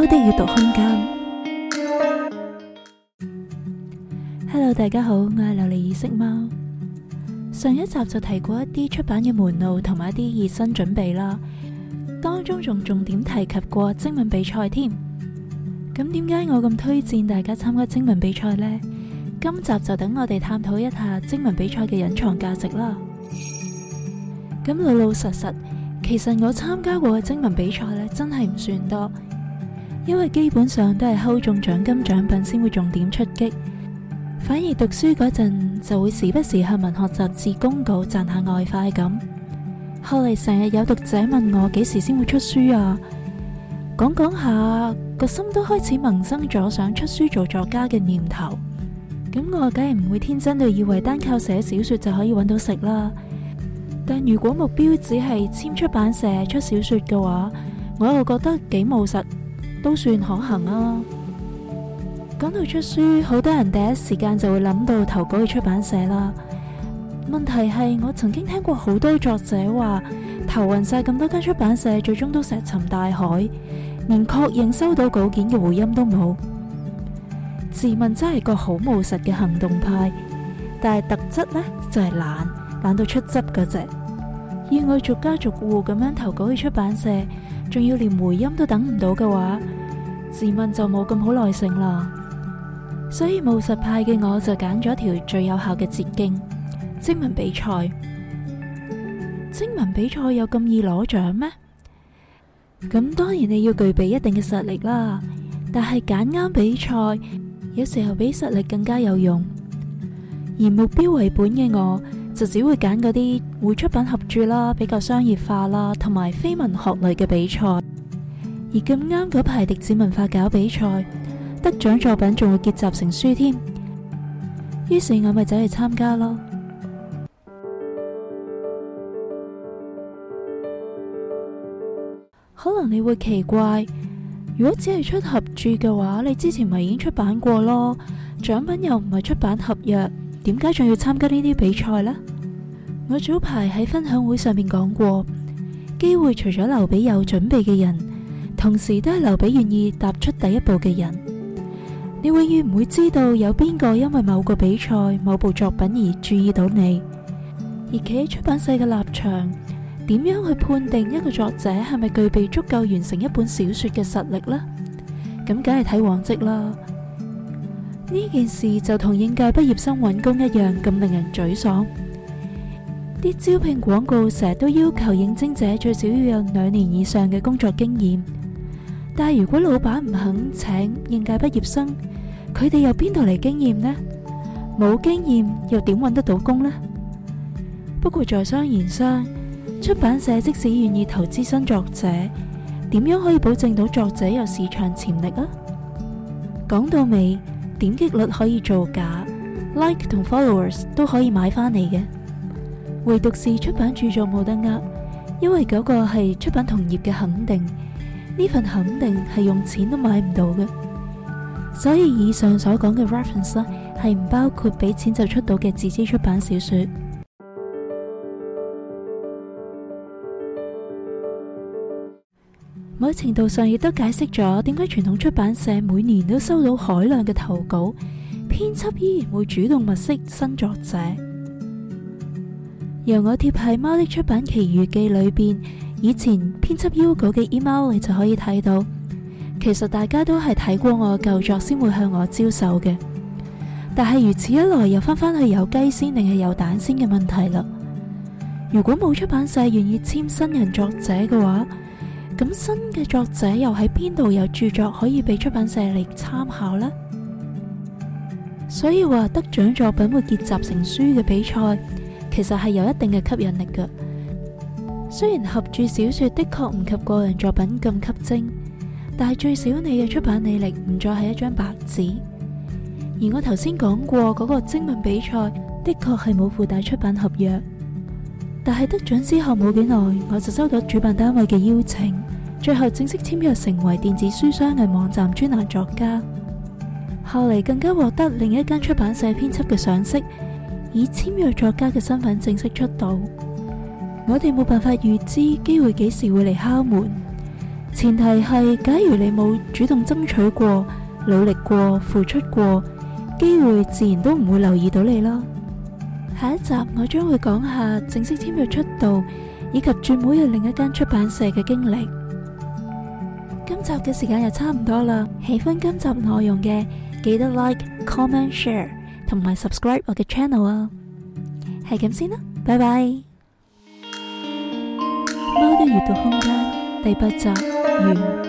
貓的閱讀空間。Hello，大家好，我係琉璃異色貓。上一集就提過一啲出版嘅門路同埋一啲熱身準備啦，當中仲重點提及過徵文比賽添。咁點解我咁推薦大家參加徵文比賽呢？今集就等我哋探討一下徵文比賽嘅隱藏價值啦。咁老老實實，其實我參加過嘅徵文比賽呢，真係唔算多。因為基本上都係抽中獎金獎品先會重點出擊，反而讀書嗰陣就會時不時向文學雜誌公告賺下外快咁。後嚟成日有讀者問我幾時先會出書啊？講講下，個心都開始萌生咗想出書做作家嘅念頭。咁我梗係唔會天真到以為單靠寫小說就可以揾到食啦。但如果目標只係簽出版社出小說嘅話，我又覺得幾務實。都算可行啊！講到出書，好多人第一時間就會諗到投稿去出版社啦。問題係，我曾經聽過好多作者話，投勻晒咁多間出版社，最終都石沉大海，連確認收到稿件嘅回音都冇。自問真係個好務實嘅行動派，但係特質呢，就係、是、懶，懶到出汁嗰隻。要我逐家逐戶咁樣投稿去出版社，仲要連回音都等唔到嘅話，自問就冇咁好耐性啦。所以務實派嘅我就揀咗條最有效嘅捷徑——徵文比賽。徵文比賽有咁易攞獎咩？咁當然你要具備一定嘅實力啦。但係揀啱比賽，有時候比實力更加有用。而目標為本嘅我，就只會揀嗰啲會出版合著啦，比較商業化啦，同埋非文學類嘅比賽。而咁啱嗰排迪志文化搞比賽，得獎作品仲會結集成書添。於是我咪走去參加咯。 可能你會奇怪，如果只係出合著嘅話，你之前咪已經出版過咯，獎品又唔係出版合約，點解仲要參加呢啲比賽呢？我早排喺分享會上面講過，機會除咗留俾有準備嘅人，同時都係留俾願意踏出第一步嘅人。你永遠唔會知道有邊個因為某個比賽、某部作品而注意到你。而企喺出版社嘅立場，點樣去判定一個作者係咪具備足夠完成一本小說嘅實力呢？咁梗係睇往績啦。呢件事就同應屆畢業生揾工一樣，咁令人沮喪。啲招聘廣告成日都要求應徵者最少要有兩年以上嘅工作經驗，但係如果老闆唔肯請應屆畢業生，佢哋又邊度嚟經驗呢？冇經驗又點搵得到工呢？不過在商言商，出版社即使願意投資新作者，點樣可以保證到作者有市場潛力啊？講到尾，點擊率可以造假，Like 同 Followers 都可以買翻嚟嘅。唯獨是出版著作冇得呃，因為嗰個係出版同業嘅肯定，呢份肯定係用錢都買唔到嘅。所以以上所講嘅 reference 係唔包括俾錢就出到嘅自資出版小說。 某程度上亦都解釋咗點解傳統出版社每年都收到海量嘅投稿，編輯依然會主動物色新作者。由我貼喺《貓的出版奇遇記》裏邊，以前編輯 Ugo 嘅 email，你就可以睇到。其實大家都係睇過我舊作先會向我招手嘅。但係如此一來，又翻返去有雞先定係有蛋先嘅問題啦。如果冇出版社願意簽新人作者嘅話，咁新嘅作者又喺邊度有著作可以俾出版社嚟參考呢？所以話得獎作品會結集成書嘅比賽，其實係有一定嘅吸引力嘅，雖然合著小說的確唔及個人作品咁吸睛，但係最少你嘅出版履歷唔再係一張白紙。而我頭先講過嗰、那個徵文比賽的確係冇附帶出版合約，但係得獎之後冇幾耐，我就收到主辦單位嘅邀請，最後正式簽約成為電子書商嘅網站專欄作家。後嚟更加獲得另一間出版社編輯嘅賞識，以簽約作家嘅身份正式出道，我哋冇辦法預知機會幾時會嚟敲門。前提係假如你冇主動爭取過、努力過、付出過，機會自然都唔會留意到你啦。下一集我將會講下正式簽約出道以及轉會去另一間出版社嘅經歷。今集嘅時間又差唔多啦，喜歡今集內容嘅記得 Like、Comment、Share。同埋 subscribe 我嘅 channel 啊，係咁先啦，拜拜。貓的閱讀空間第八集完。